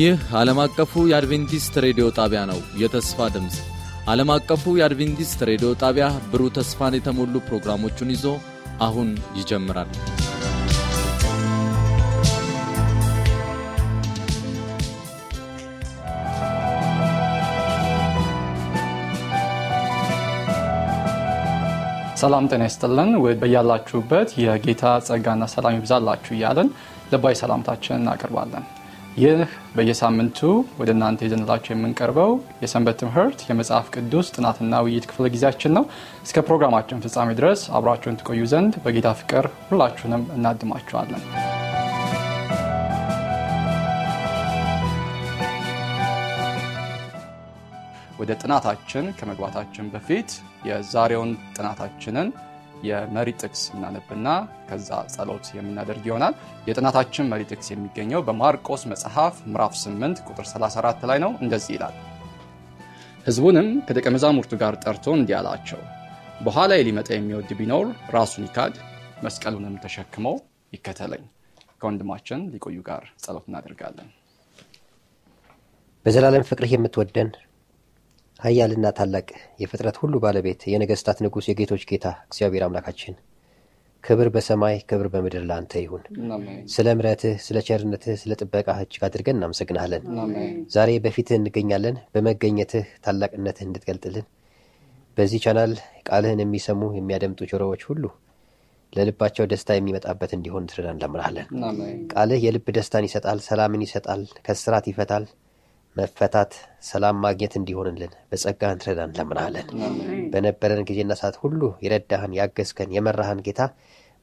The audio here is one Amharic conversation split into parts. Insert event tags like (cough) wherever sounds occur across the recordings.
ይህ ዓለም አቀፉ የአድቬንቲስት ሬዲዮ ጣቢያ ነው። የተስፋ ድምፅ ዓለም አቀፉ የአድቬንቲስት ሬዲዮ ጣቢያ ብሩህ ተስፋን የተሞሉ ፕሮግራሞቹን ይዞ አሁን ይጀምራል። ሰላም ጤና ይስጥልን። በያላችሁበት የጌታ ጸጋና ሰላም ይብዛላችሁ እያለን ልባዊ ሰላምታችን እናቅርባለን ይህ በየሳምንቱ ወደ እናንተ ይዘንላቸው የምንቀርበው የሰንበት ትምህርት የመጽሐፍ ቅዱስ ጥናትና ውይይት ክፍለ ጊዜያችን ነው። እስከ ፕሮግራማችን ፍጻሜ ድረስ አብራችሁን ትቆዩ ዘንድ በጌታ ፍቅር ሁላችሁንም እናድማችኋለን። ወደ ጥናታችን ከመግባታችን በፊት የዛሬውን ጥናታችንን የመሪ ጥቅስ እናነብና ከዛ ጸሎት የምናደርግ ይሆናል። የጥናታችን መሪ ጥቅስ የሚገኘው በማርቆስ መጽሐፍ ምዕራፍ 8 ቁጥር 34 ላይ ነው። እንደዚህ ይላል፣ ህዝቡንም ከደቀ መዛሙርቱ ጋር ጠርቶ እንዲህ አላቸው፣ በኋላ ሊመጣ የሚወድ ቢኖር ራሱን ይካድ፣ መስቀሉንም ተሸክመው ይከተለኝ። ከወንድማችን ሊቆዩ ጋር ጸሎት እናደርጋለን። በዘላለም ፍቅርህ የምትወደን ኃያልና ታላቅ የፍጥረት ሁሉ ባለቤት የነገስታት ንጉሥ የጌቶች ጌታ እግዚአብሔር አምላካችን ክብር በሰማይ ክብር በምድር ለአንተ ይሁን። ስለ ምረትህ ስለ ቸርነትህ፣ ስለ ጥበቃ እጅግ አድርገን እናመሰግናለን። ዛሬ በፊትህ እንገኛለን። በመገኘትህ ታላቅነትህ እንድትገልጥልን በዚህ ቻናል ቃልህን የሚሰሙ የሚያደምጡ ጆሮዎች ሁሉ ለልባቸው ደስታ የሚመጣበት እንዲሆን ትረዳን እንለምናለን። ቃልህ የልብ ደስታን ይሰጣል፣ ሰላምን ይሰጣል፣ ከስራት ይፈታል፣ መፈታት ሰላም ማግኘት እንዲሆንልን በጸጋ እንትረዳን እንለምናሃለን። በነበረን ጊዜና ሰዓት ሁሉ የረዳህን፣ ያገዝከን፣ የመራህን ጌታ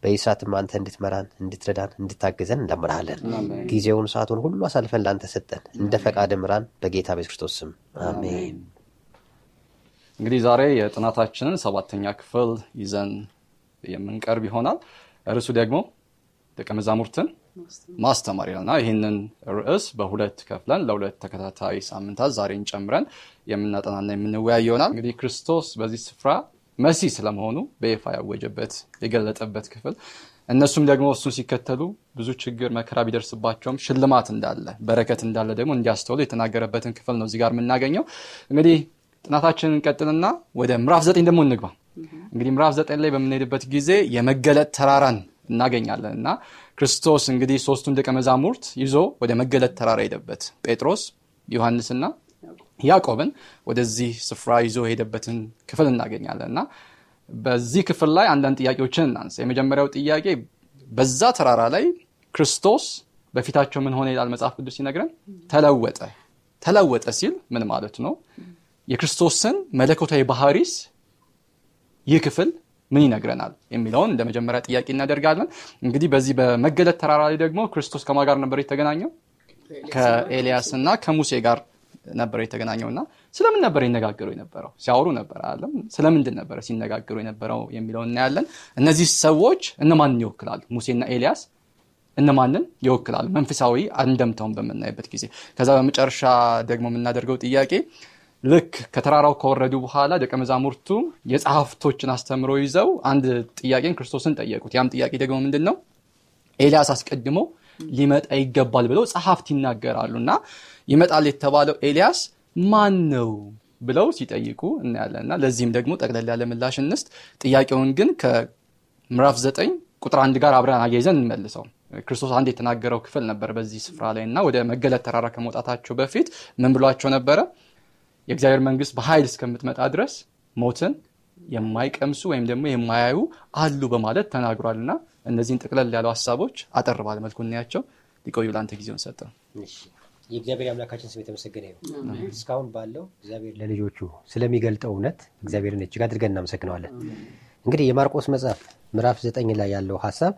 በይሳትም አንተ እንድትመራን፣ እንድትረዳን፣ እንድታግዘን እንለምናሃለን። ጊዜውን ሰዓቱን ሁሉ አሳልፈን ለአንተ ሰጠን። እንደ ፈቃድ ምራን፣ በጌታ ቤት ክርስቶስ ስም አሜን። እንግዲህ ዛሬ የጥናታችንን ሰባተኛ ክፍል ይዘን የምንቀርብ ይሆናል። እርሱ ደግሞ ደቀ መዛሙርትን ማስተማር ይላልና ይህንን ርዕስ በሁለት ከፍለን ለሁለት ተከታታይ ሳምንታት ዛሬን ጨምረን የምናጠናና የምንወያይ ይሆናል። እንግዲህ ክርስቶስ በዚህ ስፍራ መሲህ ስለመሆኑ በይፋ ያወጀበት የገለጠበት ክፍል እነሱም ደግሞ እሱን ሲከተሉ ብዙ ችግር መከራ ቢደርስባቸውም ሽልማት እንዳለ በረከት እንዳለ ደግሞ እንዲያስተውሉ የተናገረበትን ክፍል ነው እዚህ ጋር የምናገኘው። እንግዲህ ጥናታችንን እንቀጥልና ወደ ምዕራፍ ዘጠኝ ደግሞ እንግባ። እንግዲህ ምዕራፍ ዘጠኝ ላይ በምንሄድበት ጊዜ የመገለጥ ተራራን እናገኛለን እና ክርስቶስ እንግዲህ ሶስቱን ደቀ መዛሙርት ይዞ ወደ መገለጥ ተራራ ሄደበት። ጴጥሮስ ዮሐንስና ያዕቆብን ወደዚህ ስፍራ ይዞ የሄደበትን ክፍል እናገኛለን እና በዚህ ክፍል ላይ አንዳንድ ጥያቄዎችን እናንሳ። የመጀመሪያው ጥያቄ በዛ ተራራ ላይ ክርስቶስ በፊታቸው ምን ሆነ ይላል መጽሐፍ ቅዱስ ሲነግረን፣ ተለወጠ። ተለወጠ ሲል ምን ማለት ነው? የክርስቶስን መለኮታዊ ባህሪስ ይህ ክፍል ምን ይነግረናል የሚለውን እንደ መጀመሪያ ጥያቄ እናደርጋለን። እንግዲህ በዚህ በመገለጥ ተራራ ላይ ደግሞ ክርስቶስ ከማ ጋር ነበር የተገናኘው? ከኤልያስ እና ከሙሴ ጋር ነበር የተገናኘው እና ስለምን ነበር ይነጋገሩ የነበረው? ሲያወሩ ነበር አለም። ስለምንድን ነበረ ሲነጋገሩ የነበረው የሚለው እናያለን። እነዚህ ሰዎች እነማንን ይወክላሉ? ሙሴና ኤልያስ እነማንን ይወክላሉ? መንፈሳዊ አንደምተውን በምናይበት ጊዜ ከዛ በመጨረሻ ደግሞ የምናደርገው ጥያቄ ልክ ከተራራው ከወረዱ በኋላ ደቀ መዛሙርቱ የጸሐፍቶችን አስተምሮ ይዘው አንድ ጥያቄን ክርስቶስን ጠየቁት። ያም ጥያቄ ደግሞ ምንድን ነው? ኤልያስ አስቀድሞ ሊመጣ ይገባል ብለው ጸሐፍት ይናገራሉ እና ይመጣል የተባለው ኤልያስ ማን ነው ብለው ሲጠይቁ እናያለን እና ለዚህም ደግሞ ጠቅለል ያለ ምላሽ ጥያቄውን ግን ከምዕራፍ ዘጠኝ ቁጥር አንድ ጋር አብረን አያይዘን እንመልሰው። ክርስቶስ አንድ የተናገረው ክፍል ነበር በዚህ ስፍራ ላይ እና ወደ መገለጥ ተራራ ከመውጣታቸው በፊት ምን ብሏቸው ነበረ? የእግዚአብሔር መንግስት በኃይል እስከምትመጣ ድረስ ሞትን የማይቀምሱ ወይም ደግሞ የማያዩ አሉ በማለት ተናግሯል እና እነዚህን ጥቅለል ያሉ ሀሳቦች አጠር ባለ መልኩ እናያቸው። ሊቆዩ ለአንተ ጊዜውን ሰጠ። የእግዚአብሔር አምላካችን ስም የተመሰገነ ይሁን። እስካሁን ባለው እግዚአብሔር ለልጆቹ ስለሚገልጠው እውነት እግዚአብሔርን እጅግ አድርገን እናመሰግነዋለን። እንግዲህ የማርቆስ መጽሐፍ ምዕራፍ ዘጠኝ ላይ ያለው ሀሳብ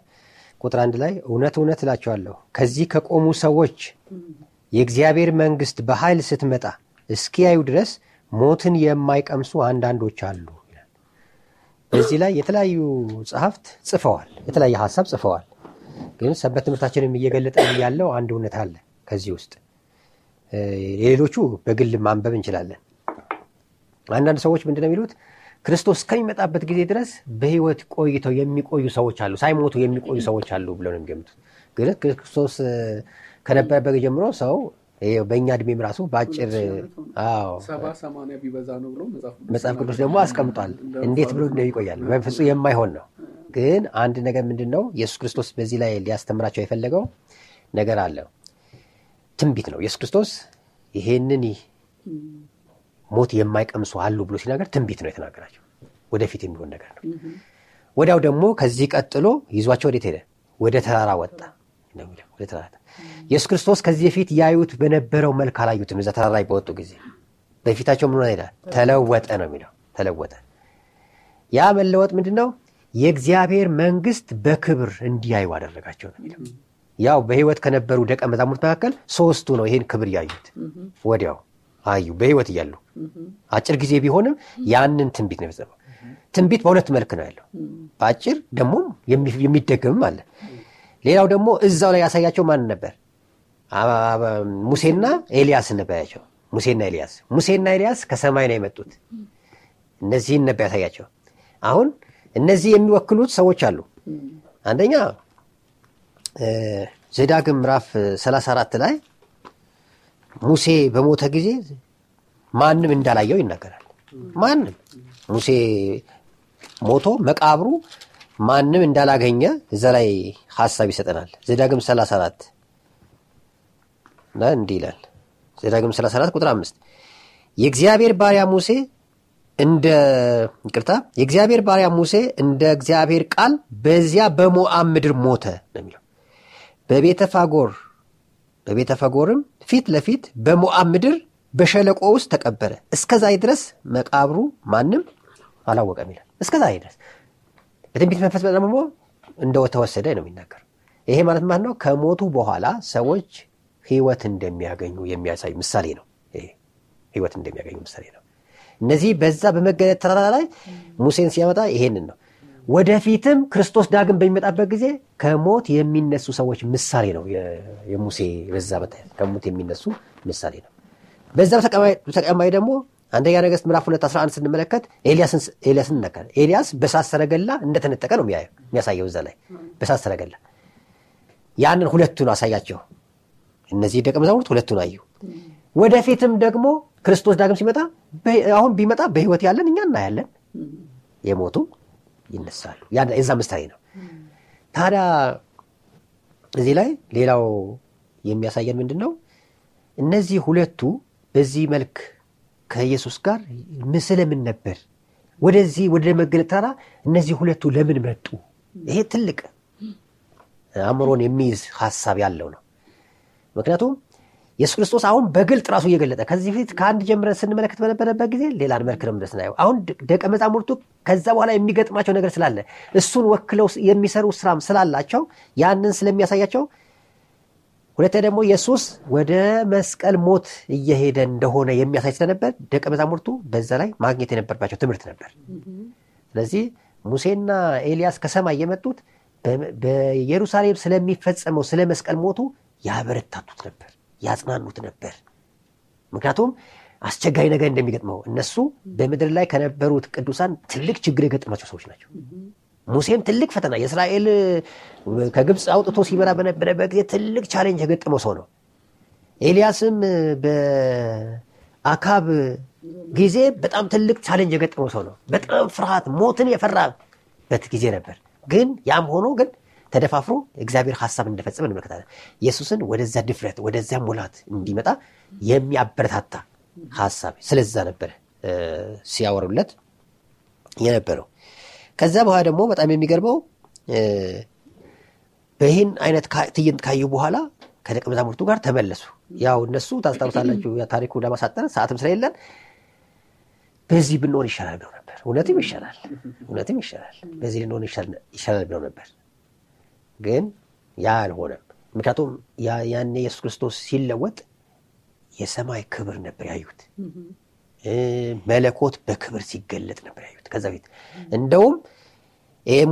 ቁጥር አንድ ላይ እውነት እውነት እላቸዋለሁ ከዚህ ከቆሙ ሰዎች የእግዚአብሔር መንግስት በኃይል ስትመጣ እስኪያዩ ድረስ ሞትን የማይቀምሱ አንዳንዶች አሉ። በዚህ ላይ የተለያዩ ጸሐፍት ጽፈዋል፣ የተለያየ ሀሳብ ጽፈዋል። ግን ሰበት ትምህርታችንም እየገለጠ ያለው አንድ እውነት አለ። ከዚህ ውስጥ የሌሎቹ በግል ማንበብ እንችላለን። አንዳንድ ሰዎች ምንድን ነው የሚሉት? ክርስቶስ ከሚመጣበት ጊዜ ድረስ በህይወት ቆይተው የሚቆዩ ሰዎች አሉ፣ ሳይሞቱ የሚቆዩ ሰዎች አሉ ብለው ነው የሚገምቱት። ግን ክርስቶስ ከነበረበት ጀምሮ ሰው በእኛ እድሜም ራሱ በአጭር መጽሐፍ ቅዱስ ደግሞ አስቀምጧል። እንዴት ብሎ ነው ይቆያል? በፍጹም የማይሆን ነው። ግን አንድ ነገር ምንድን ነው ኢየሱስ ክርስቶስ በዚህ ላይ ሊያስተምራቸው የፈለገው ነገር አለ። ትንቢት ነው። ኢየሱስ ክርስቶስ ይሄንን ሞት የማይቀምሱ አሉ ብሎ ሲናገር ትንቢት ነው የተናገራቸው። ወደፊት የሚሆን ነገር ነው። ወዲያው ደግሞ ከዚህ ቀጥሎ ይዟቸው ወዴት ሄደ? ወደ ተራራ ወጣ። ነው የሚለው። ኢየሱስ ክርስቶስ ከዚህ በፊት ያዩት በነበረው መልክ አላዩትም። እዛ ተራራ በወጡ ጊዜ በፊታቸው ምን ሆነ ይላል? ተለወጠ ነው የሚለው። ተለወጠ። ያ መለወጥ ምንድን ነው? የእግዚአብሔር መንግስት በክብር እንዲያዩ አደረጋቸው ነው የሚለው። ያው በህይወት ከነበሩ ደቀ መዛሙርት መካከል ሶስቱ ነው ይሄን ክብር ያዩት። ወዲያው አዩ፣ በህይወት እያሉ አጭር ጊዜ ቢሆንም ያንን ትንቢት ነው የሚጸበው። ትንቢት በሁለት መልክ ነው ያለው፣ በአጭር ደግሞ የሚደገምም አለ። ሌላው ደግሞ እዛው ላይ ያሳያቸው ማን ነበር? ሙሴና ኤልያስ ነበያቸው ሙሴና ኤልያስ ሙሴና ኤልያስ ከሰማይ ነው የመጡት። እነዚህን ነበር ያሳያቸው። አሁን እነዚህ የሚወክሉት ሰዎች አሉ። አንደኛ ዘዳግም ምዕራፍ 34 ላይ ሙሴ በሞተ ጊዜ ማንም እንዳላየው ይናገራል። ማንም ሙሴ ሞቶ መቃብሩ ማንም እንዳላገኘ እዛ ላይ ሀሳብ ይሰጠናል። ዘዳግም 34 ላይ እንዲህ ይላል። ዘዳግም 34 ቁጥር አምስት የእግዚአብሔር ባሪያ ሙሴ እንደ ቅርታ የእግዚአብሔር ባሪያ ሙሴ እንደ እግዚአብሔር ቃል በዚያ በሞዓብ ምድር ሞተ ነው የሚለው። በቤተፋጎር በቤተፋጎርም ፊት ለፊት በሞዓብ ምድር በሸለቆ ውስጥ ተቀበረ። እስከ ድረስ መቃብሩ ማንም አላወቀም ይላል። እስከዛ ድረስ የትንቢት መንፈስ ደግሞ እንደተወሰደ ነው የሚናገር። ይሄ ማለት ማለት ነው ከሞቱ በኋላ ሰዎች ህይወት እንደሚያገኙ የሚያሳይ ምሳሌ ነው። ህይወት እንደሚያገኙ ምሳሌ ነው። እነዚህ በዛ በመገለጥ ተራራ ላይ ሙሴን ሲያመጣ ይሄንን ነው። ወደፊትም ክርስቶስ ዳግም በሚመጣበት ጊዜ ከሞት የሚነሱ ሰዎች ምሳሌ ነው። የሙሴ በዛ ከሞት የሚነሱ ምሳሌ ነው። በዛ ተቀማይ ደግሞ አንደኛ ነገስት ምዕራፍ 2 11 ስንመለከት ኤልያስን ነከረ። ኤልያስ በሳት ሰረገላ እንደተነጠቀ ነው የሚያሳየው። እዛ ላይ በሳት ሰረገላ ያንን ሁለቱን አሳያቸው። እነዚህ ደቀ መዛሙርት ነው አዩ። ወደፊትም ደግሞ ክርስቶስ ዳግም ሲመጣ አሁን ቢመጣ በህይወት ያለን እኛ እናያለን፣ የሞቱ ይነሳሉ። የዛ ምሳሌ ነው። ታዲያ እዚህ ላይ ሌላው የሚያሳየን ምንድን ነው? እነዚህ ሁለቱ በዚህ መልክ ከኢየሱስ ጋር ምስለ ምን ነበር ወደዚህ ወደ መገለጥ እነዚህ ሁለቱ ለምን መጡ ይሄ ትልቅ አእምሮን የሚይዝ ሀሳብ ያለው ነው ምክንያቱም ኢየሱስ ክርስቶስ አሁን በግልጥ ራሱ እየገለጠ ከዚህ በፊት ከአንድ ጀምረ ስንመለከት በነበረበት ጊዜ ሌላን መልክ ነው ስናየው አሁን ደቀ መዛሙርቱ ከዛ በኋላ የሚገጥማቸው ነገር ስላለ እሱን ወክለው የሚሰሩ ስራም ስላላቸው ያንን ስለሚያሳያቸው ሁለተኛ ደግሞ ኢየሱስ ወደ መስቀል ሞት እየሄደ እንደሆነ የሚያሳይ ስለነበር ደቀ መዛሙርቱ በዛ ላይ ማግኘት የነበርባቸው ትምህርት ነበር። ስለዚህ ሙሴና ኤልያስ ከሰማይ የመጡት በኢየሩሳሌም ስለሚፈጸመው ስለ መስቀል ሞቱ ያበረታቱት ነበር፣ ያጽናኑት ነበር። ምክንያቱም አስቸጋሪ ነገር እንደሚገጥመው እነሱ በምድር ላይ ከነበሩት ቅዱሳን ትልቅ ችግር የገጠማቸው ሰዎች ናቸው። ሙሴም ትልቅ ፈተና የእስራኤል ከግብፅ አውጥቶ ሲመራ በነበረበት ጊዜ ትልቅ ቻሌንጅ የገጠመው ሰው ነው። ኤልያስም በአካብ ጊዜ በጣም ትልቅ ቻሌንጅ የገጠመው ሰው ነው። በጣም ፍርሃት፣ ሞትን የፈራበት ጊዜ ነበር። ግን ያም ሆኖ ግን ተደፋፍሮ እግዚአብሔር ሀሳብ እንደፈጸመ እንመለከታለን። ኢየሱስን ወደዛ ድፍረት ወደዚያ ሙላት እንዲመጣ የሚያበረታታ ሀሳብ ስለዛ ነበር ሲያወሩለት የነበረው ከዛ በኋላ ደግሞ በጣም የሚገርመው በይህን አይነት ትዕይንት ካዩ በኋላ ከደቀ መዛሙርቱ ጋር ተመለሱ። ያው እነሱ ታስታውሳላችሁ፣ ታሪኩ ለማሳጠር ሰዓትም ስለሌለን በዚህ ብንሆን ይሻላል ብለው ነበር። እውነትም ይሻላል፣ እውነትም ይሻላል፣ በዚህ ልንሆን ይሻላል ብለው ነበር። ግን ያ አልሆነም። ምክንያቱም ያኔ ኢየሱስ ክርስቶስ ሲለወጥ የሰማይ ክብር ነበር ያዩት። መለኮት በክብር ሲገለጥ ነበር ያዩት። ከዛ ቤት እንደውም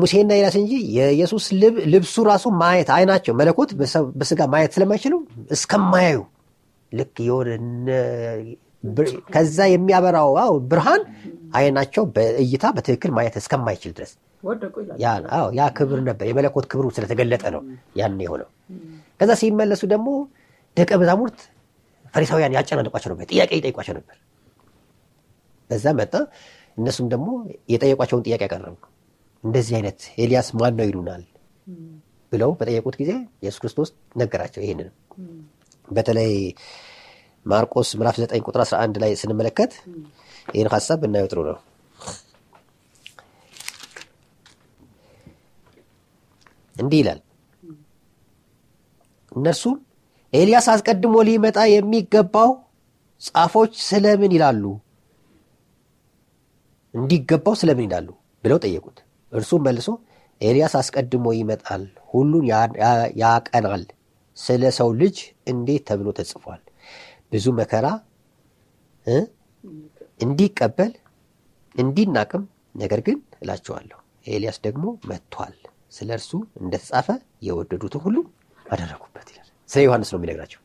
ሙሴና ይላስ እንጂ የኢየሱስ ልብሱ ራሱ ማየት አይናቸው መለኮት በስጋ ማየት ስለማይችሉ እስከማያዩ ልክ የሆነ ከዛ የሚያበራው ብርሃን አይናቸው በእይታ በትክክል ማየት እስከማይችል ድረስ ያ ክብር ነበር። የመለኮት ክብሩ ስለተገለጠ ነው ያን የሆነው። ከዛ ሲመለሱ ደግሞ ደቀ መዛሙርት ፈሪሳውያን ያጨናንቋቸው ነበር፣ ጥያቄ ይጠይቋቸው ነበር። በዛ መጣ። እነሱም ደግሞ የጠየቋቸውን ጥያቄ ያቀረቡ እንደዚህ አይነት ኤልያስ ማን ነው ይሉናል ብለው በጠየቁት ጊዜ ኢየሱስ ክርስቶስ ነገራቸው። ይህንን በተለይ ማርቆስ ምራፍ 9 ቁጥር 11 ላይ ስንመለከት ይህን ሀሳብ እናየው ጥሩ ነው። እንዲህ ይላል፣ እነርሱም ኤልያስ አስቀድሞ ሊመጣ የሚገባው ጻፎች ስለምን ይላሉ እንዲገባው ስለምን ይላሉ ብለው ጠየቁት። እርሱም መልሶ ኤልያስ አስቀድሞ ይመጣል፣ ሁሉን ያቀናል፣ ስለ ሰው ልጅ እንዴት ተብሎ ተጽፏል፣ ብዙ መከራ እንዲቀበል እንዲናቅም፣ ነገር ግን እላቸዋለሁ ኤልያስ ደግሞ መጥቷል፣ ስለ እርሱ እንደተጻፈ የወደዱትን ሁሉ አደረጉበት ይላል። ስለ ዮሐንስ ነው የሚነግራቸው፣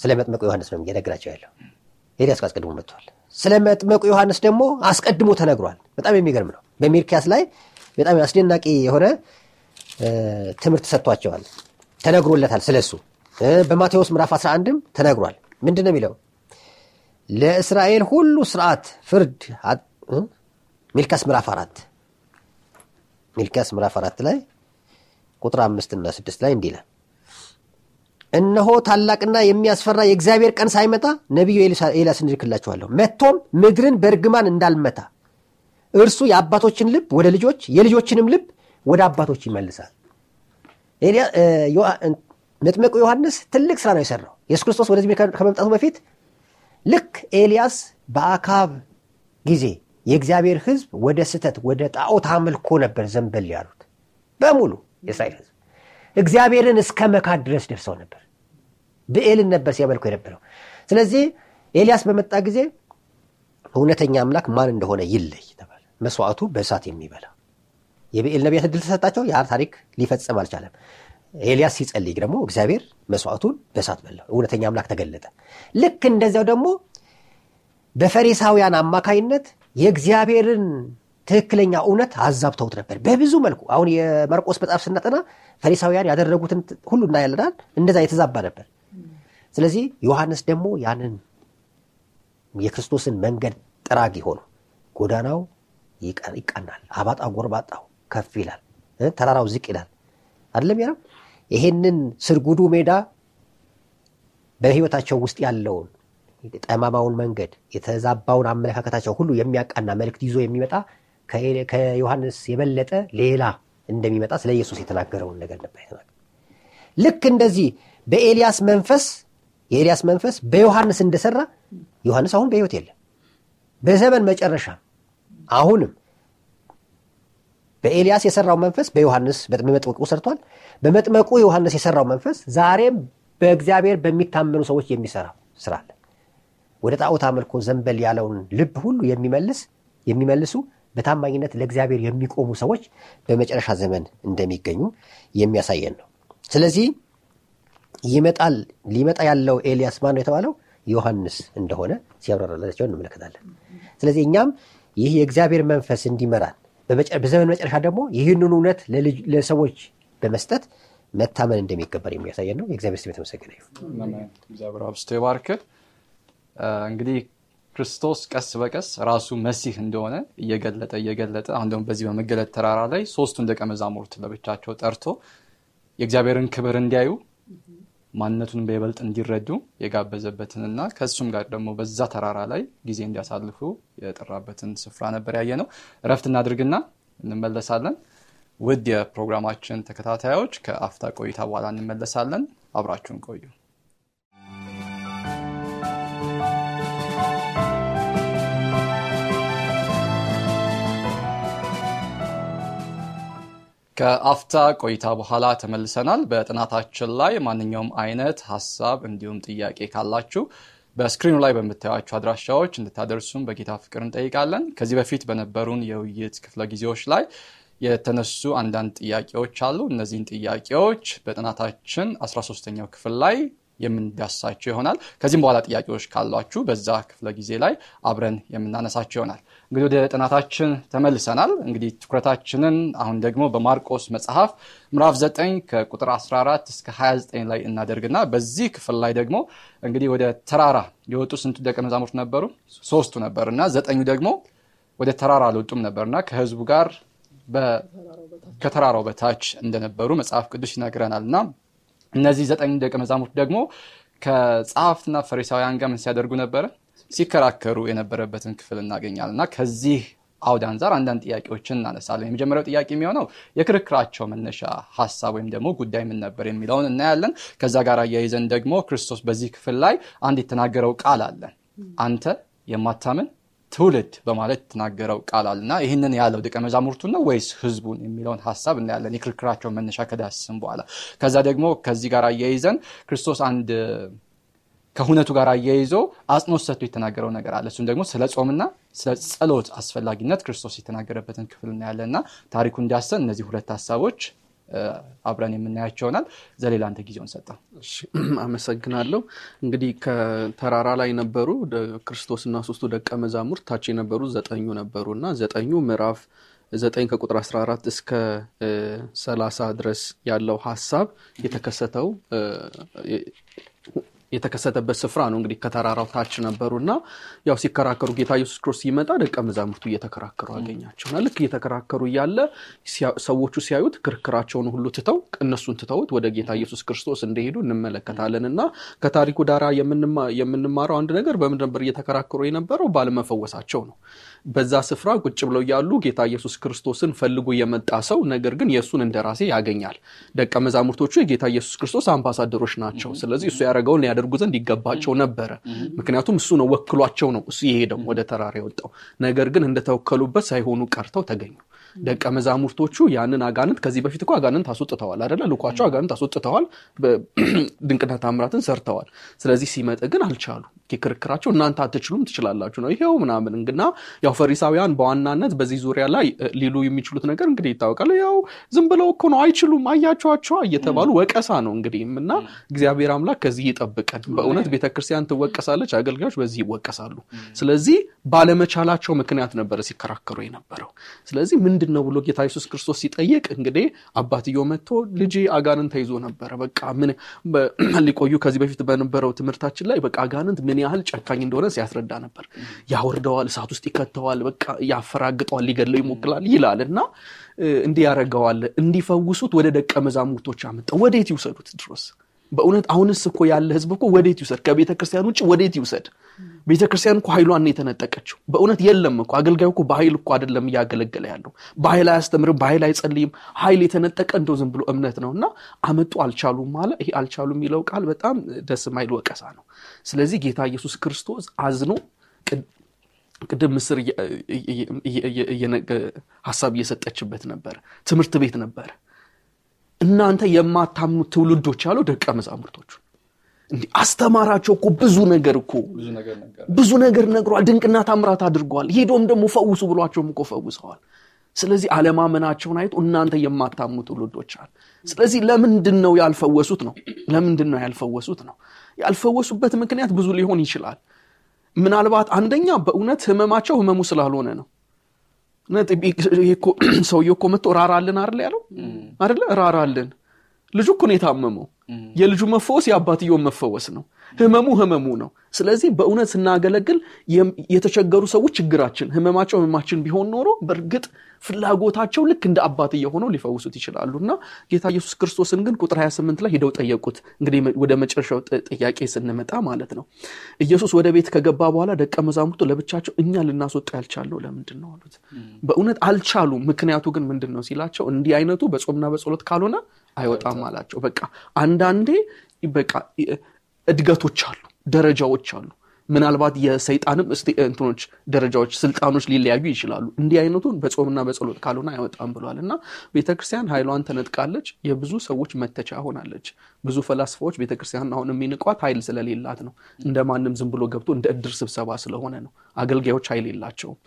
ስለ መጥምቁ ዮሐንስ ነው የሚነግራቸው ያለው። ኤልያስ አስቀድሞ መጥቷል። ስለ መጥመቁ ዮሐንስ ደግሞ አስቀድሞ ተነግሯል። በጣም የሚገርም ነው። በሚልኪያስ ላይ በጣም አስደናቂ የሆነ ትምህርት ሰጥቷቸዋል። ተነግሮለታል። ስለሱ በማቴዎስ ምዕራፍ 11ም ተነግሯል። ምንድን ነው የሚለው? ለእስራኤል ሁሉ ስርዓት፣ ፍርድ ሚልኪያስ ምዕራፍ አራት ሚልኪያስ ምዕራፍ አራት ላይ ቁጥር አምስትና ስድስት ላይ እንዲህ ይላል እነሆ ታላቅና የሚያስፈራ የእግዚአብሔር ቀን ሳይመጣ ነቢዩ ኤልያስን ልክላችኋለሁ መጥቶም ምድርን በእርግማን እንዳልመታ እርሱ የአባቶችን ልብ ወደ ልጆች የልጆችንም ልብ ወደ አባቶች ይመልሳል መጥመቁ ዮሐንስ ትልቅ ስራ ነው የሰራው የሱስ ክርስቶስ ወደዚህ ከመምጣቱ በፊት ልክ ኤልያስ በአካብ ጊዜ የእግዚአብሔር ህዝብ ወደ ስተት ወደ ጣዖት አምልኮ ነበር ዘንበል ያሉት በሙሉ የእስራኤል ህዝብ እግዚአብሔርን እስከ መካድ ድረስ ደርሰው ነበር ብኤልን ነበር ሲያመልኩ የነበረው ስለዚህ ኤልያስ በመጣ ጊዜ እውነተኛ አምላክ ማን እንደሆነ ይለይ ተባለ መስዋዕቱ በእሳት የሚበላ የብኤል ነቢያት እድል ተሰጣቸው ያ ታሪክ ሊፈጽም አልቻለም ኤልያስ ሲጸልይ ደግሞ እግዚአብሔር መስዋዕቱን በእሳት በላው እውነተኛ አምላክ ተገለጠ ልክ እንደዚያው ደግሞ በፈሪሳውያን አማካይነት የእግዚአብሔርን ትክክለኛ እውነት አዛብተውት ነበር በብዙ መልኩ። አሁን የመርቆስ መጽሐፍ ስናጠና ፈሪሳውያን ያደረጉትን ሁሉ እናያለናል። እንደዛ የተዛባ ነበር። ስለዚህ ዮሐንስ ደግሞ ያንን የክርስቶስን መንገድ ጥራግ ሆኑ ጎዳናው ይቀናል፣ አባጣ ጎርባጣው ከፍ ይላል፣ ተራራው ዝቅ ይላል። አይደለም ያለው ይሄንን ስርጉዱ ሜዳ በህይወታቸው ውስጥ ያለውን ጠማማውን መንገድ የተዛባውን አመለካከታቸው ሁሉ የሚያቃና መልክት ይዞ የሚመጣ ከዮሐንስ የበለጠ ሌላ እንደሚመጣ ስለ ኢየሱስ የተናገረውን ነገር ነበር ልክ እንደዚህ በኤልያስ መንፈስ የኤልያስ መንፈስ በዮሐንስ እንደሰራ ዮሐንስ አሁን በሕይወት የለም። በዘመን መጨረሻ አሁንም በኤልያስ የሰራው መንፈስ በዮሐንስ በመጥመቁ ሰርቷል። በመጥመቁ ዮሐንስ የሰራው መንፈስ ዛሬም በእግዚአብሔር በሚታመኑ ሰዎች የሚሰራው ስራ አለ። ወደ ጣዖት አምልኮ ዘንበል ያለውን ልብ ሁሉ የሚመልስ የሚመልሱ በታማኝነት ለእግዚአብሔር የሚቆሙ ሰዎች በመጨረሻ ዘመን እንደሚገኙ የሚያሳየን ነው ስለዚህ ይመጣል ሊመጣ ያለው ኤልያስ ማን ነው የተባለው ዮሐንስ እንደሆነ ሲያብራራላቸው እንመለከታለን ስለዚህ እኛም ይህ የእግዚአብሔር መንፈስ እንዲመራል በዘመን መጨረሻ ደግሞ ይህንን እውነት ለሰዎች በመስጠት መታመን እንደሚገበር የሚያሳየን ነው የእግዚአብሔር ስም የተመሰገነ ይሁን እግዚአብሔር አብስቶ እንግዲህ ክርስቶስ ቀስ በቀስ ራሱ መሲህ እንደሆነ እየገለጠ እየገለጠ አሁን ደግሞ በዚህ በመገለጥ ተራራ ላይ ሶስቱን ደቀ መዛሙርት ለብቻቸው ጠርቶ የእግዚአብሔርን ክብር እንዲያዩ ማንነቱን በይበልጥ እንዲረዱ የጋበዘበትንና ከእሱም ጋር ደግሞ በዛ ተራራ ላይ ጊዜ እንዲያሳልፉ የጠራበትን ስፍራ ነበር ያየ ነው። ረፍት እናድርግና እንመለሳለን። ውድ የፕሮግራማችን ተከታታዮች ከአፍታ ቆይታ በኋላ እንመለሳለን። አብራችሁን ቆዩ። ከአፍታ ቆይታ በኋላ ተመልሰናል። በጥናታችን ላይ ማንኛውም አይነት ሀሳብ እንዲሁም ጥያቄ ካላችሁ በስክሪኑ ላይ በምታያቸው አድራሻዎች እንድታደርሱም በጌታ ፍቅር እንጠይቃለን። ከዚህ በፊት በነበሩን የውይይት ክፍለ ጊዜዎች ላይ የተነሱ አንዳንድ ጥያቄዎች አሉ። እነዚህን ጥያቄዎች በጥናታችን 13ኛው ክፍል ላይ የምንዳስሳቸው ይሆናል። ከዚህም በኋላ ጥያቄዎች ካሏችሁ በዛ ክፍለ ጊዜ ላይ አብረን የምናነሳቸው ይሆናል። እንግዲህ ወደ ጥናታችን ተመልሰናል። እንግዲህ ትኩረታችንን አሁን ደግሞ በማርቆስ መጽሐፍ ምራፍ 9 ከቁጥር 14 እስከ 29 ላይ እናደርግና በዚህ ክፍል ላይ ደግሞ እንግዲህ ወደ ተራራ የወጡ ስንቱ ደቀ መዛሙርት ነበሩ? ሶስቱ ነበር እና ዘጠኙ ደግሞ ወደ ተራራ አልወጡም ነበርና ከህዝቡ ጋር ከተራራው በታች እንደነበሩ መጽሐፍ ቅዱስ ይነግረናል እና እነዚህ ዘጠኝ ደቀ መዛሙርት ደግሞ ከጸሐፍትና ፈሪሳውያን ጋር ምን ሲያደርጉ ነበረ? ሲከራከሩ የነበረበትን ክፍል እናገኛለን እና ከዚህ አውድ አንጻር አንዳንድ ጥያቄዎችን እናነሳለን። የመጀመሪያው ጥያቄ የሚሆነው የክርክራቸው መነሻ ሀሳብ ወይም ደግሞ ጉዳይ ምን ነበር የሚለውን እናያለን። ከዛ ጋር አያይዘን ደግሞ ክርስቶስ በዚህ ክፍል ላይ አንድ የተናገረው ቃል አለ። አንተ የማታምን ትውልድ በማለት የተናገረው ቃላል እና ይህንን ያለው ደቀ መዛሙርቱን ነው ወይስ ህዝቡን የሚለውን ሀሳብ እናያለን። የክርክራቸውን መነሻ ከዳስም በኋላ ከዛ ደግሞ ከዚህ ጋር አያይዘን ክርስቶስ አንድ ከሁነቱ ጋር አያይዞ አጽንኦት ሰጥቶ የተናገረው ነገር አለ። እሱም ደግሞ ስለ ጾምና ስለ ጸሎት አስፈላጊነት ክርስቶስ የተናገረበትን ክፍል እናያለን እና ታሪኩ እንዲያሰን እነዚህ ሁለት ሀሳቦች አብረን የምናያቸው ይሆናል። ዘሌላ አንተ ጊዜውን ሰጠ። አመሰግናለሁ። እንግዲህ ከተራራ ላይ ነበሩ ክርስቶስና ሶስቱ ደቀ መዛሙርት፣ ታች የነበሩ ዘጠኙ ነበሩ እና ዘጠኙ ምዕራፍ ዘጠኝ ከቁጥር 14 እስከ 30 ድረስ ያለው ሀሳብ የተከሰተው የተከሰተበት ስፍራ ነው። እንግዲህ ከተራራው ታች እና ያው ሲከራከሩ ጌታ ኢየሱስ ክርስቶስ ሲመጣ ደቀ መዛሙርቱ እየተከራከሩ አገኛቸውና ልክ እየተከራከሩ እያለ ሰዎቹ ሲያዩት ክርክራቸውን ሁሉ ትተው እነሱን ትተውት ወደ ጌታ ኢየሱስ ክርስቶስ እንደሄዱ እንመለከታለን። እና ከታሪኩ ዳራ የምንማረው አንድ ነገር በምን ነበር እየተከራከሩ የነበረው? ባለመፈወሳቸው ነው። በዛ ስፍራ ቁጭ ብለው ያሉ ጌታ ኢየሱስ ክርስቶስን ፈልጎ የመጣ ሰው ነገር ግን የእሱን እንደራሴ ያገኛል። ደቀ መዛሙርቶቹ የጌታ ኢየሱስ ክርስቶስ አምባሳደሮች ናቸው። ስለዚህ እሱ ያደረገውን ሊያደርጉ ዘንድ ይገባቸው ነበረ። ምክንያቱም እሱ ነው ወክሏቸው ነው እሱ የሄደው ወደ ተራራ የወጣው። ነገር ግን እንደተወከሉበት ሳይሆኑ ቀርተው ተገኙ። ደቀ መዛሙርቶቹ ያንን አጋንንት ከዚህ በፊት እኮ አጋንንት አስወጥተዋል አደለ? ልኳቸው አጋንንት አስወጥተዋል፣ (clears throat) ድንቅና ታምራትን ሰርተዋል። ስለዚህ ሲመጥ ግን አልቻሉ። ክርክራቸው እናንተ አትችሉም ትችላላችሁ ነው ይሄው ምናምን እና ያው ፈሪሳውያን በዋናነት በዚህ ዙሪያ ላይ ሊሉ የሚችሉት ነገር እንግዲህ ይታወቃል። ያው ዝም ብለው እኮ ነው አይችሉም፣ አያችኋቸዋ እየተባሉ ወቀሳ ነው እንግዲህ እና እግዚአብሔር አምላክ ከዚህ ይጠብቀን። በእውነት ቤተክርስቲያን ትወቀሳለች፣ አገልጋዮች በዚህ ይወቀሳሉ። ስለዚህ ባለመቻላቸው ምክንያት ነበረ ሲከራከሩ የነበረው። ስለዚህ ምንድን ምንድን ነው ብሎ ጌታ ኢየሱስ ክርስቶስ ሲጠየቅ እንግዲህ አባትዮ መጥቶ ልጅ አጋንንት ተይዞ ነበረ። በቃ ምን (clears throat) ሊቆዩ ከዚህ በፊት በነበረው ትምህርታችን ላይ በቃ አጋንንት ምን ያህል ጨካኝ እንደሆነ ሲያስረዳ ነበር። ያወርደዋል፣ እሳት ውስጥ ይከተዋል፣ በቃ ያፈራግጠዋል፣ ሊገለው ይሞክላል ይላል እና እንዲህ ያደረገዋል እንዲፈውሱት ወደ ደቀ መዛሙርቶች አመጣው። ወዴት ይውሰዱት ድሮስ በእውነት አሁንስ እኮ ያለ ህዝብ እኮ ወዴት ይውሰድ? ከቤተ ክርስቲያን ውጭ ወዴት ይውሰድ? ቤተ ክርስቲያን እኮ ኃይሏን የተነጠቀችው። በእውነት የለም እኮ አገልጋዩ እኮ በኃይል እኮ አይደለም እያገለገለ ያለው። በኃይል አያስተምርም፣ በኃይል አይጸልይም። ኃይል የተነጠቀ እንደው ዝም ብሎ እምነት ነው እና አመጡ አልቻሉም አለ። ይሄ አልቻሉ የሚለው ቃል በጣም ደስ ማይል ወቀሳ ነው። ስለዚህ ጌታ ኢየሱስ ክርስቶስ አዝኖ ቅድም ምስር ሀሳብ እየሰጠችበት ነበር። ትምህርት ቤት ነበር እናንተ የማታምኑት ትውልዶች ያለው ደቀ መዛሙርቶቹ እንዲ አስተማራቸው እኮ ብዙ ነገር እኮ ብዙ ነገር ነግሯል። ድንቅና ታምራት አድርገዋል። ሄዶም ደግሞ ፈውሱ ብሏቸውም እኮ ፈውሰዋል። ስለዚህ አለማመናቸውን አይቶ እናንተ የማታምኑ ትውልዶች አለ። ስለዚህ ለምንድን ነው ያልፈወሱት ነው? ለምንድን ነው ያልፈወሱት ነው? ያልፈወሱበት ምክንያት ብዙ ሊሆን ይችላል። ምናልባት አንደኛ በእውነት ህመማቸው ህመሙ ስላልሆነ ነው። ሰውየ እኮ መጥቶ ራራልን አለ ያለው አይደለ ራራልን ልጁ እኮ ነው የታመመው። የልጁ መፈወስ የአባትየውን መፈወስ ነው። ህመሙ ህመሙ ነው። ስለዚህ በእውነት ስናገለግል የተቸገሩ ሰዎች ችግራችን፣ ህመማቸው ህመማችን ቢሆን ኖሮ በእርግጥ ፍላጎታቸው ልክ እንደ አባት ሆነው ሊፈውሱት ይችላሉ እና ጌታ ኢየሱስ ክርስቶስን ግን ቁጥር 28 ላይ ሄደው ጠየቁት። እንግዲህ ወደ መጨረሻው ጥያቄ ስንመጣ ማለት ነው ኢየሱስ ወደ ቤት ከገባ በኋላ ደቀ መዛሙርቱ ለብቻቸው እኛ ልናስወጣ ያልቻለው ለምንድን ነው አሉት። በእውነት አልቻሉ ምክንያቱ ግን ምንድን ነው ሲላቸው እንዲህ አይነቱ በጾምና በጸሎት ካልሆነ አይወጣም አላቸው። በቃ አንዳንዴ በቃ እድገቶች አሉ፣ ደረጃዎች አሉ። ምናልባት የሰይጣንም እንትኖች ደረጃዎች፣ ስልጣኖች ሊለያዩ ይችላሉ። እንዲህ አይነቱን በጾምና በጸሎት ካልሆነ አይወጣም ብሏል እና ቤተክርስቲያን ኃይሏን ተነጥቃለች። የብዙ ሰዎች መተቻ ሆናለች። ብዙ ፈላስፋዎች ቤተክርስቲያን አሁን የሚንቋት ኃይል ስለሌላት ነው። እንደ ማንም ዝም ብሎ ገብቶ እንደ እድር ስብሰባ ስለሆነ ነው። አገልጋዮች ሀይል የላቸውም።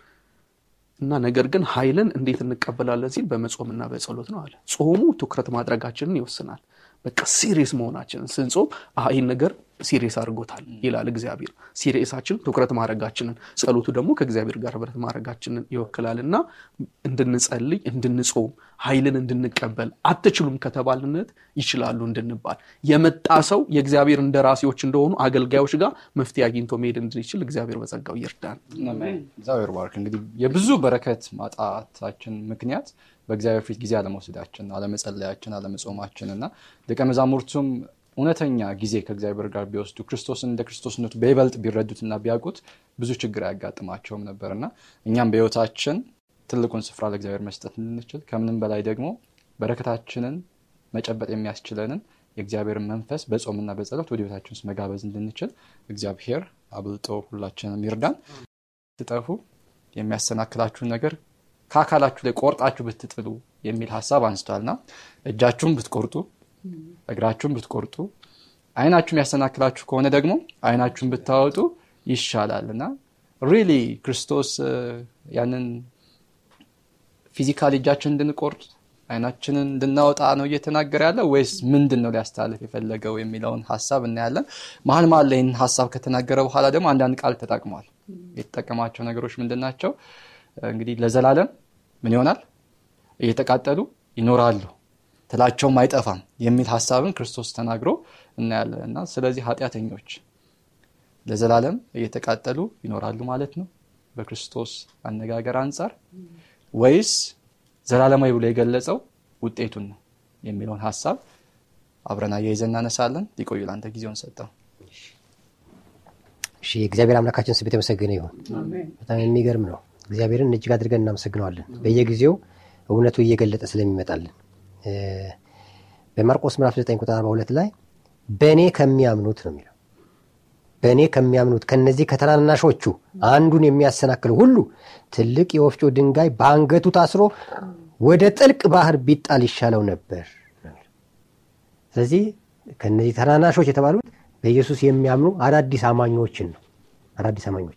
እና ነገር ግን ኃይልን እንዴት እንቀበላለን ሲል በመጾምና በጸሎት ነው አለ። ጾሙ ትኩረት ማድረጋችንን ይወስናል። በቃ ሲሪየስ መሆናችንን ስንጾም ይህን ነገር ሲሪየስ አድርጎታል ይላል እግዚአብሔር። ሲሪየሳችን ትኩረት ማድረጋችንን፣ ጸሎቱ ደግሞ ከእግዚአብሔር ጋር ህብረት ማድረጋችንን ይወክላል እና እንድንጸልይ፣ እንድንጾም፣ ኃይልን እንድንቀበል አትችሉም ከተባልነት ይችላሉ እንድንባል የመጣ ሰው የእግዚአብሔር እንደራሴዎች እንደሆኑ አገልጋዮች ጋር መፍትሄ አግኝቶ መሄድ እንድንችል እግዚአብሔር በጸጋው ይርዳን። እግዚአብሔር ባርክ። እንግዲህ የብዙ በረከት ማጣታችን ምክንያት በእግዚአብሔር ፊት ጊዜ አለመውሰዳችን፣ አለመጸለያችን፣ አለመጾማችን እና ደቀ መዛሙርቱም እውነተኛ ጊዜ ከእግዚአብሔር ጋር ቢወስዱ ክርስቶስን እንደ ክርስቶስነቱ በይበልጥ ቢረዱትና ቢያውቁት ብዙ ችግር አያጋጥማቸውም ነበርና እኛም በህይወታችን ትልቁን ስፍራ ለእግዚአብሔር መስጠት እንድንችል ከምንም በላይ ደግሞ በረከታችንን መጨበጥ የሚያስችለንን የእግዚአብሔርን መንፈስ በጾምና በጸሎት ወደ ቤታችን ውስጥ መጋበዝ እንድንችል እግዚአብሔር አብልጦ ሁላችንም ይርዳን። ትጠፉ የሚያሰናክላችሁን ነገር ከአካላችሁ ላይ ቆርጣችሁ ብትጥሉ የሚል ሀሳብ አንስቷልና እጃችሁን ብትቆርጡ እግራችሁን ብትቆርጡ አይናችሁ የሚያሰናክላችሁ ከሆነ ደግሞ አይናችሁን ብታወጡ ይሻላል እና ሪሊ ክርስቶስ ያንን ፊዚካል እጃችን እንድንቆርጥ አይናችንን እንድናወጣ ነው እየተናገረ ያለው ወይስ ምንድን ነው ሊያስተላልፍ የፈለገው የሚለውን ሀሳብ እናያለን። መሀል መሀል ይህን ሀሳብ ከተናገረ በኋላ ደግሞ አንዳንድ ቃል ተጠቅሟል። የተጠቀማቸው ነገሮች ምንድን ናቸው? እንግዲህ ለዘላለም ምን ይሆናል? እየተቃጠሉ ይኖራሉ ትላቸውም አይጠፋም የሚል ሀሳብን ክርስቶስ ተናግሮ እናያለን እና ስለዚህ ኃጢአተኞች ለዘላለም እየተቃጠሉ ይኖራሉ ማለት ነው በክርስቶስ አነጋገር አንጻር ወይስ ዘላለማዊ ብሎ የገለጸው ውጤቱን ነው የሚለውን ሀሳብ አብረን አያይዘን እናነሳለን ሊቆዩ ለአንተ ጊዜውን ሰጠው እግዚአብሔር አምላካችን ስቤት የተመሰገነ ይሁን በጣም የሚገርም ነው እግዚአብሔርን እጅግ አድርገን እናመሰግነዋለን በየጊዜው እውነቱ እየገለጠ ስለሚመጣለን። በማርቆስ ምራፍ 9 ቁጥር 42 ላይ በእኔ ከሚያምኑት ነው የሚለው በእኔ ከሚያምኑት ከነዚህ ከተናናሾቹ አንዱን የሚያሰናክል ሁሉ ትልቅ የወፍጮ ድንጋይ በአንገቱ ታስሮ ወደ ጥልቅ ባህር ቢጣል ይሻለው ነበር ስለዚህ ከነዚህ ተናናሾች የተባሉት በኢየሱስ የሚያምኑ አዳዲስ አማኞችን ነው አዳዲስ አማኞች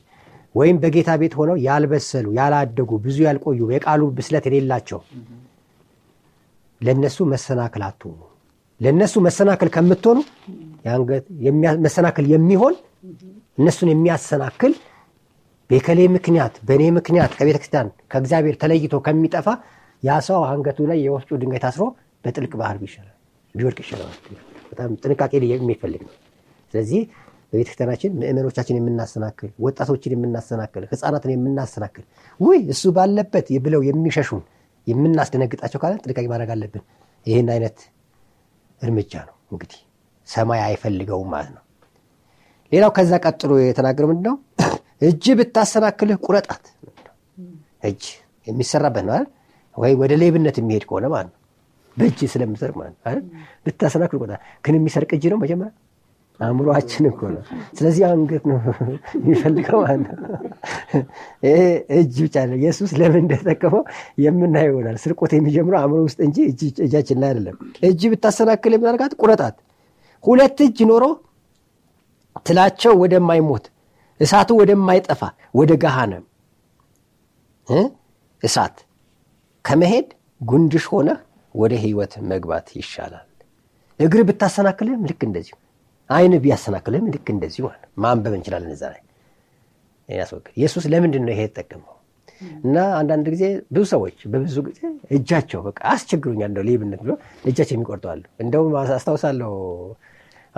ወይም በጌታ ቤት ሆነው ያልበሰሉ ያላደጉ ብዙ ያልቆዩ የቃሉ ብስለት የሌላቸው ለእነሱ መሰናክል አትሆኑ ለእነሱ መሰናክል ከምትሆኑ መሰናክል የሚሆን እነሱን የሚያሰናክል በከሌ ምክንያት በእኔ ምክንያት ከቤተ ክርስቲያን ከእግዚአብሔር ተለይቶ ከሚጠፋ ያ ሰው አንገቱ ላይ የወፍጮ ድንጋይ ታስሮ በጥልቅ ባህር ቢሻላል ቢወድቅ ይሻላል በጣም ጥንቃቄ የሚፈልግ ነው ስለዚህ በቤተ ክርስቲያናችን ምእመኖቻችን የምናሰናክል ወጣቶችን የምናሰናክል ህፃናትን የምናሰናክል ውይ እሱ ባለበት ብለው የሚሸሹን የምናስደነግጣቸው ካለ ጥንቃቄ ማድረግ አለብን። ይህን አይነት እርምጃ ነው እንግዲህ ሰማይ አይፈልገውም ማለት ነው። ሌላው ከዛ ቀጥሎ የተናገረው ምንድነው ነው? (clears throat) እጅ ብታሰናክልህ ቁረጣት። እጅ የሚሰራበት ነው ወይ ወደ ሌብነት የሚሄድ ከሆነ ማለት ነው። በእጅ ስለምሰርቅ ማለት ነው። ብታሰናክል ቁረጣት። ግን የሚሰርቅ እጅ ነው መጀመሪያ አእምሮአችን እኮ ነው። ስለዚህ አንገት ነው የሚፈልገው ማለት ነው። እጅ ብቻ ነው። ኢየሱስ ለምን እንደጠቀመው የምናየው ይሆናል። ስርቆት የሚጀምረው አእምሮ ውስጥ እንጂ እጃችን ላይ አይደለም። እጅ ብታሰናክል የምናደርጋት ቁረጣት። ሁለት እጅ ኖሮ ትላቸው ወደማይሞት እሳቱ ወደማይጠፋ ወደ ገሃነም እሳት ከመሄድ ጉንድሽ ሆነ ወደ ህይወት መግባት ይሻላል። እግር ብታሰናክልም ልክ እንደዚሁ አይን ቢያሰናክልም ልክ እንደዚሁ ማንበብ እንችላለን። እዛ ላይ ያስወግድ ኢየሱስ ለምንድን ነው ይሄ የተጠቀመው? እና አንዳንድ ጊዜ ብዙ ሰዎች በብዙ ጊዜ እጃቸው በቃ አስቸግሩኛል እንደው ሌብነት ብሎ እጃቸው የሚቆርጠዋሉ። እንደውም አስታውሳለሁ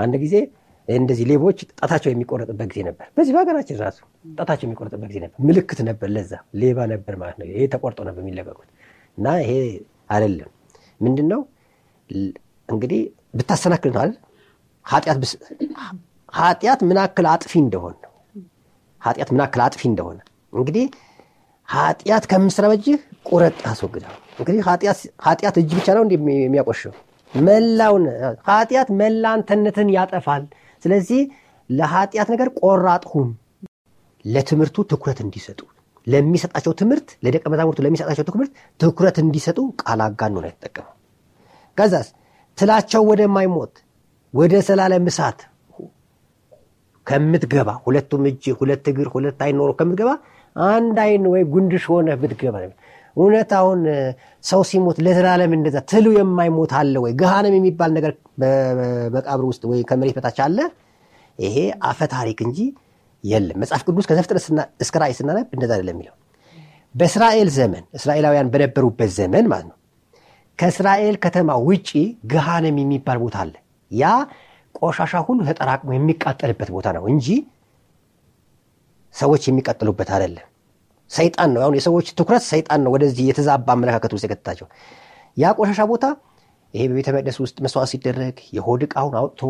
አንድ ጊዜ እንደዚህ ሌቦች ጣታቸው የሚቆረጥበት ጊዜ ነበር። በዚህ በሀገራችን ራሱ ጣታቸው የሚቆረጥበት ጊዜ ነበር። ምልክት ነበር፣ ለዛ ሌባ ነበር ማለት ነው። ይሄ ተቆርጦ ነበር የሚለቀቁት እና ይሄ አይደለም ምንድን ነው እንግዲህ ብታሰናክል ነው አይደል ኃጢአት ምናክል አጥፊ እንደሆን ኃጢአት ምናክል አጥፊ እንደሆነ እንግዲህ ኃጢአት ከምስራ በጅህ ቁረጥ አስወግዳል። እንግዲህ ኃጢአት እጅ ብቻ ነው እንዲ የሚያቆሸው መላውን ኃጢአት መላንተነትን ያጠፋል። ስለዚህ ለኃጢአት ነገር ቆራጥሁም ለትምህርቱ ትኩረት እንዲሰጡ ለሚሰጣቸው ትምህርት ለደቀ መዛሙርቱ ለሚሰጣቸው ትምህርት ትኩረት እንዲሰጡ ቃል አጋኖ ነው የተጠቀመው። ከዛስ ትላቸው ወደማይሞት ወደ ሰላለም እሳት ከምትገባ ሁለቱም እጅ ሁለት እግር ሁለት አይን ኖሮ ከምትገባ አንድ አይን ወይ ጉንድሽ ሆነ ብትገባ እውነት አሁን ሰው ሲሞት ለዘላለም እንደዛ ትሉ የማይሞት አለ ወይ ገሃነም የሚባል ነገር በመቃብር ውስጥ ወይ ከመሬት በታች አለ ይሄ አፈ ታሪክ እንጂ የለም መጽሐፍ ቅዱስ ከዘፍጥረት እስከ ራእይ ስናነብ እንደዛ አይደለም የሚለው በእስራኤል ዘመን እስራኤላውያን በነበሩበት ዘመን ማለት ነው ከእስራኤል ከተማ ውጪ ገሃነም የሚባል ቦታ አለ ያ ቆሻሻ ሁሉ ተጠራቅሞ የሚቃጠልበት ቦታ ነው እንጂ ሰዎች የሚቀጥሉበት አይደለም። ሰይጣን ነው። አሁን የሰዎች ትኩረት ሰይጣን ነው ወደዚህ የተዛባ አመለካከት ውስጥ የከተታቸው። ያ ቆሻሻ ቦታ ይሄ በቤተ መቅደስ ውስጥ መስዋዕት ሲደረግ የሆድ ዕቃውን አውጥቶ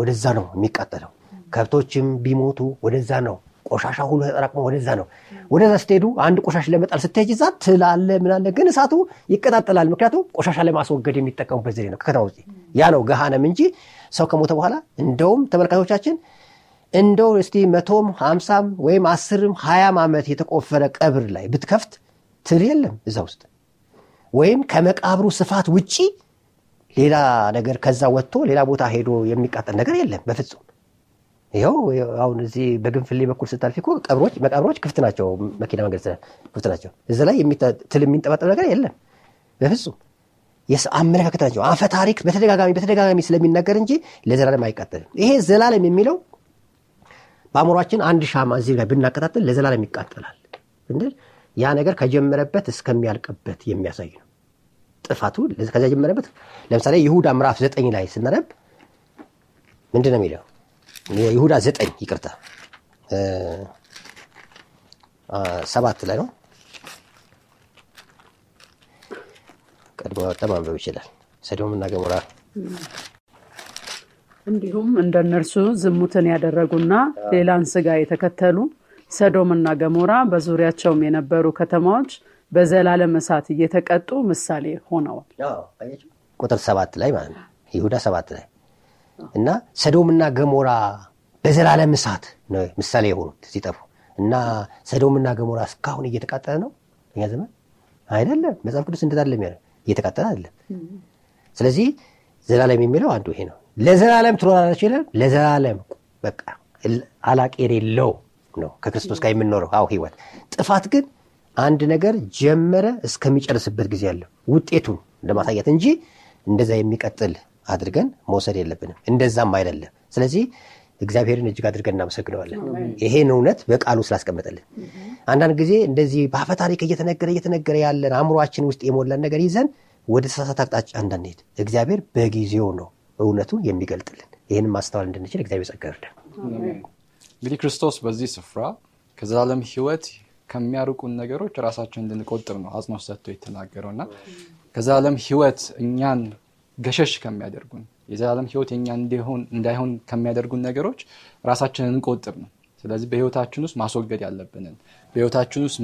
ወደዛ ነው የሚቃጠለው። ከብቶችም ቢሞቱ ወደዛ ነው ቆሻሻ ሁሉ ተጠራቅሞ ወደዛ ነው። ወደዛ ስትሄዱ አንድ ቆሻሽ ለመጣል ስትሄጅ ዛ ትላለ ምናለ፣ ግን እሳቱ ይቀጣጠላል። ምክንያቱም ቆሻሻ ለማስወገድ የሚጠቀሙበት ዘዴ ነው። ከከተማ ውጭ ያ ነው ገሃነም እንጂ ሰው ከሞተ በኋላ እንደውም ተመልካቾቻችን እንደው እስቲ መቶም ሀምሳም ወይም አስርም ሀያም ዓመት የተቆፈረ ቀብር ላይ ብትከፍት ትል የለም እዛ ውስጥ ወይም ከመቃብሩ ስፋት ውጪ ሌላ ነገር ከዛ ወጥቶ ሌላ ቦታ ሄዶ የሚቃጠል ነገር የለም በፍጹም። ይኸው አሁን እዚህ በግንፍሌ በኩል ስታልፊ ቀብሮች መቃብሮች ክፍት ናቸው፣ መኪና መንገድ ክፍት ናቸው። እዚ ላይ ትል የሚንጠባጠብ ነገር የለም በፍጹም። አመለካከት ናቸው። አፈ ታሪክ በተደጋጋሚ በተደጋጋሚ ስለሚናገር እንጂ ለዘላለም አይቃጠልም። ይሄ ዘላለም የሚለው በአእምሯችን አንድ ሻማ እዚህ ጋር ብናቀጣጥል ለዘላለም ይቃጠላል። ያ ነገር ከጀመረበት እስከሚያልቅበት የሚያሳይ ነው። ጥፋቱ ከዚያ ጀመረበት። ለምሳሌ ይሁዳ ምዕራፍ ዘጠኝ ላይ ስናረብ ምንድነው የሚለው? ይሁዳ ዘጠኝ ይቅርታ ሰባት ላይ ነው ቀድሞ ያወጣ ማንበብ ይችላል። ሰዶም እና ገሞራ እንዲሁም እንደ እነርሱ ዝሙትን ያደረጉና ሌላን ስጋ የተከተሉ ሰዶምና ገሞራ በዙሪያቸውም የነበሩ ከተማዎች በዘላለም እሳት እየተቀጡ ምሳሌ ሆነዋል። ቁጥር ሰባት ላይ ማለት ነው። ይሁዳ ሰባት ላይ እና ሰዶምና ገሞራ በዘላለም እሳት ነው ምሳሌ የሆኑት ሲጠፉ እና ሰዶምና ገሞራ እስካሁን እየተቃጠለ ነው እኛ ዘመን አይደለም። መጽሐፍ ቅዱስ እንደዛ አይደለም እየተቃጠለ አይደለም። ስለዚህ ዘላለም የሚለው አንዱ ይሄ ነው። ለዘላለም ትኖራላችሁ ይላል። ለዘላለም በቃ አላቅ የሌለው ነው ከክርስቶስ ጋር የምንኖረው አው ህይወት። ጥፋት ግን አንድ ነገር ጀመረ እስከሚጨርስበት ጊዜ ያለው ውጤቱን ለማሳየት እንጂ እንደዛ የሚቀጥል አድርገን መውሰድ የለብንም። እንደዛም አይደለም። ስለዚህ እግዚአብሔርን እጅግ አድርገን እናመሰግነዋለን ይሄን እውነት በቃሉ ስላስቀመጠልን። አንዳንድ ጊዜ እንደዚህ በአፈ ታሪክ እየተነገረ እየተነገረ ያለን አእምሯችን ውስጥ የሞላን ነገር ይዘን ወደ ተሳሳት አቅጣጫ እንዳንሄድ እግዚአብሔር በጊዜው ነው እውነቱን የሚገልጥልን። ይህን ማስተዋል እንድንችል እግዚአብሔር ጸጋ እንግዲህ ክርስቶስ በዚህ ስፍራ ከዘላለም ህይወት ከሚያርቁን ነገሮች ራሳችን እንድንቆጥር ነው አጽንኦት ሰጥቶ የተናገረው እና ከዘላለም ህይወት እኛን ገሸሽ ከሚያደርጉን የዘላለም ህይወት የኛ እንዳይሆን ከሚያደርጉን ነገሮች ራሳችንን እንቆጥብ ነው። ስለዚህ በህይወታችን ውስጥ ማስወገድ ያለብንን በህይወታችን ውስጥ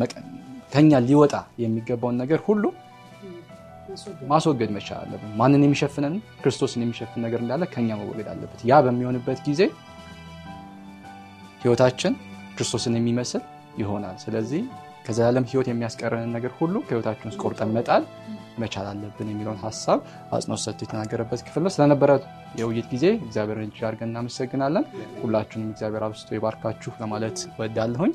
ከኛ ሊወጣ የሚገባውን ነገር ሁሉ ማስወገድ መቻል አለብን። ማንን የሚሸፍነን ክርስቶስን የሚሸፍን ነገር እንዳለ ከኛ መወገድ አለበት። ያ በሚሆንበት ጊዜ ህይወታችን ክርስቶስን የሚመስል ይሆናል። ስለዚህ ከዘላለም ህይወት የሚያስቀረንን ነገር ሁሉ ከህይወታችን ውስጥ ቆርጠን መጣል መቻል አለብን የሚለውን ሀሳብ አጽንኦት ሰጥቶ የተናገረበት ክፍል ነው። ስለነበረ የውይይት ጊዜ እግዚአብሔርን እጅ አድርገን እናመሰግናለን። ሁላችሁንም እግዚአብሔር አብስቶ የባርካችሁ ለማለት ወዳለሁኝ።